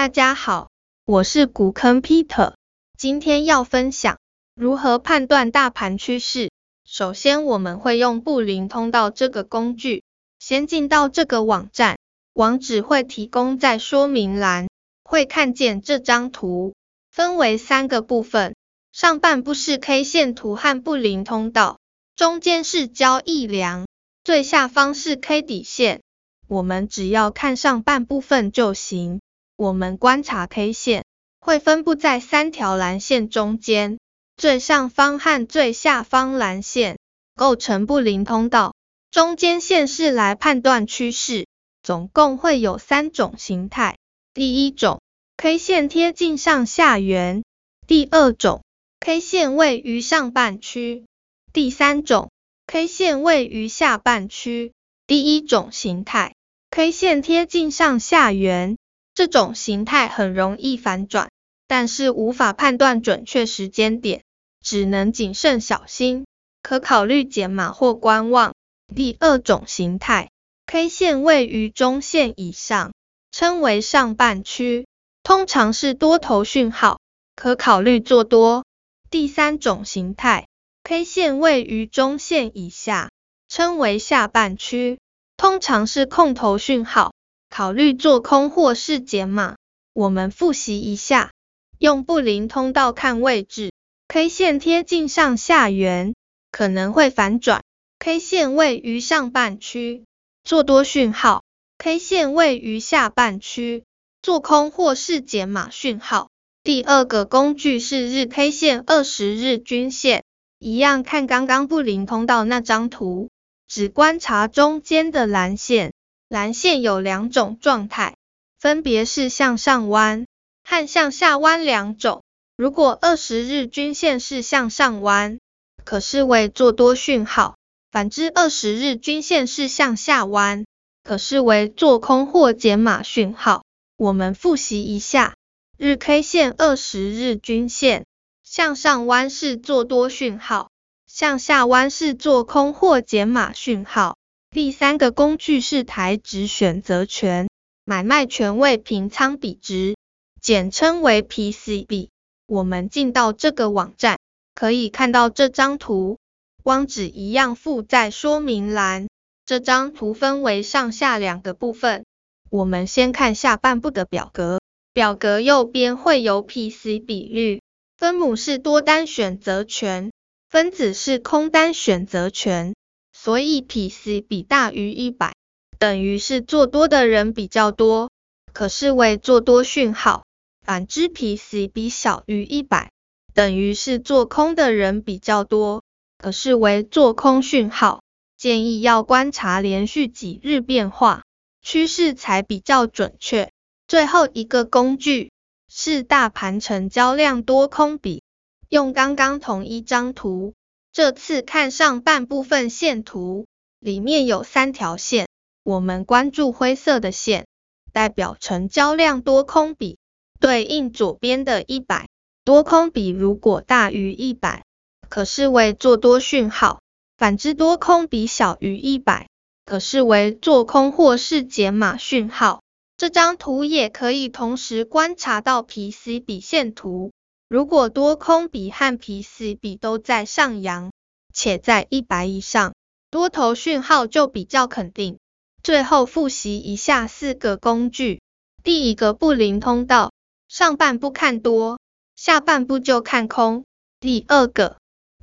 大家好，我是股坑 Peter，今天要分享如何判斷大盤趨勢。首先，我們會用布林通道這個工具，先進到這個網站，網址會提供在說明欄，會看見這張圖，分為三個部分，上半部是 K 線圖和布林通道，中間是交易量，最下方是 KD 線，我們只要看上半部分就行。我們觀察 K 線會分布在三條藍線中間，最上方和最下方藍線構成布林通道，中間線是來判斷趨勢，總共會有三種形態。第一種，K 線貼近上下緣；第二種，K 線位於上半區；第三種，K 線位於下半區。第一種形態，K 線貼近上下緣。這種形態很容易反轉，但是無法判斷準確時間點，只能謹慎小心，可考慮減碼或觀望。第二種形態，K 線位於中線以上，稱為上半區，通常是多頭訊號，可考慮做多。第三種形態，K 線位於中線以下，稱為下半區，通常是空頭訊號。考慮做空或是減碼，我們複習一下，用布林通道看位置，K 線貼近上下緣，可能會反轉，K 線位於上半區，做多訊號，K 線位於下半區，做空或是減碼訊號。第二個工具是日 K 線二十日均線，一樣看剛剛布林通道那張圖，只觀察中間的藍線。藍線有兩種狀態，分別是向上彎和向下彎兩種。如果二十日均線是向上彎，可視為做多訊號；反之，二十日均線是向下彎，可視為做空或減碼訊號。我們複習一下，日 K 線二十日均線向上彎是做多訊號，向下彎是做空或減碼訊號。第三個工具是台指選擇權買賣權位平倉比值，簡稱為 PC 比。我們進到這個網站，可以看到這張圖，網址一樣附在說明欄。這張圖分為上下兩個部分，我們先看下半部的表格，表格右邊會有 PC 比率，分母是多單選擇權，分子是空單選擇權。所以 PC 比大於一百，等於是做多的人比較多，可視為做多訊號。反之 PC 比小於一百，等於是做空的人比較多，可視為做空訊號。建議要觀察連續幾日變化，趨勢才比較準確。最後一個工具是大盤成交量多空比，用剛剛同一張圖。這次看上半部分線圖，裡面有三條線，我們關注灰色的線，代表成交量多空比，對應左邊的100，多空比如果大於100，可視為做多訊號，反之多空比小於100，可視為做空或是減碼訊號。這張圖也可以同時觀察到 PC 比線圖。如果多空比和 PC 比都在上揚，且在一百以上，多頭訊號就比較肯定。最後複習一下四個工具：第一個布林通道，上半部看多，下半部就看空；第二個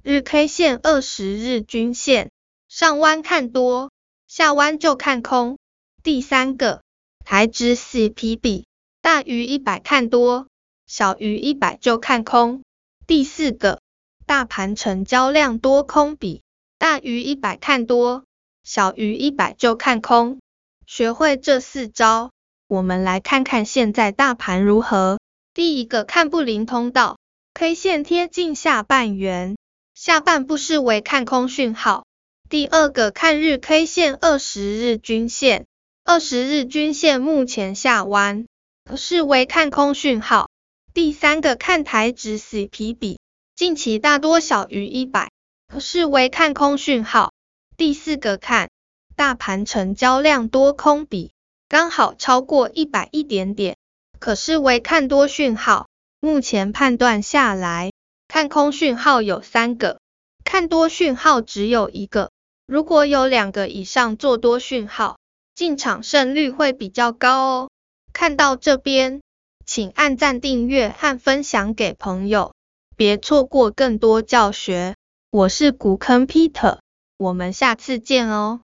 日 K 線二十日均線，上彎看多，下彎就看空；第三個臺指 PC 比大於一百看多。小於一百就看空。第四個，大盤成交量多空比，大於一百看多，小於一百就看空。學會這四招，我們來看看現在大盤如何。第一個，看布林通道，K 線貼近下半圓，下半部視為看空訊號。第二個，看日 K 線二十日均線，二十日均線目前下彎，視為看空訊號。第三個，看台指死皮比，近期大多小於一百，可視為看空訊號。第四個看，大盤成交量多空比，剛好超過一百一點點，可視為看多訊號。目前判斷下來，看空訊號有三個，看多訊號只有一個。如果有兩個以上做多訊號，進場勝率會比較高哦。看到這邊。請按讚、訂閱和分享給朋友，別錯過更多教學。我是古坑 Peter，我們下次見哦！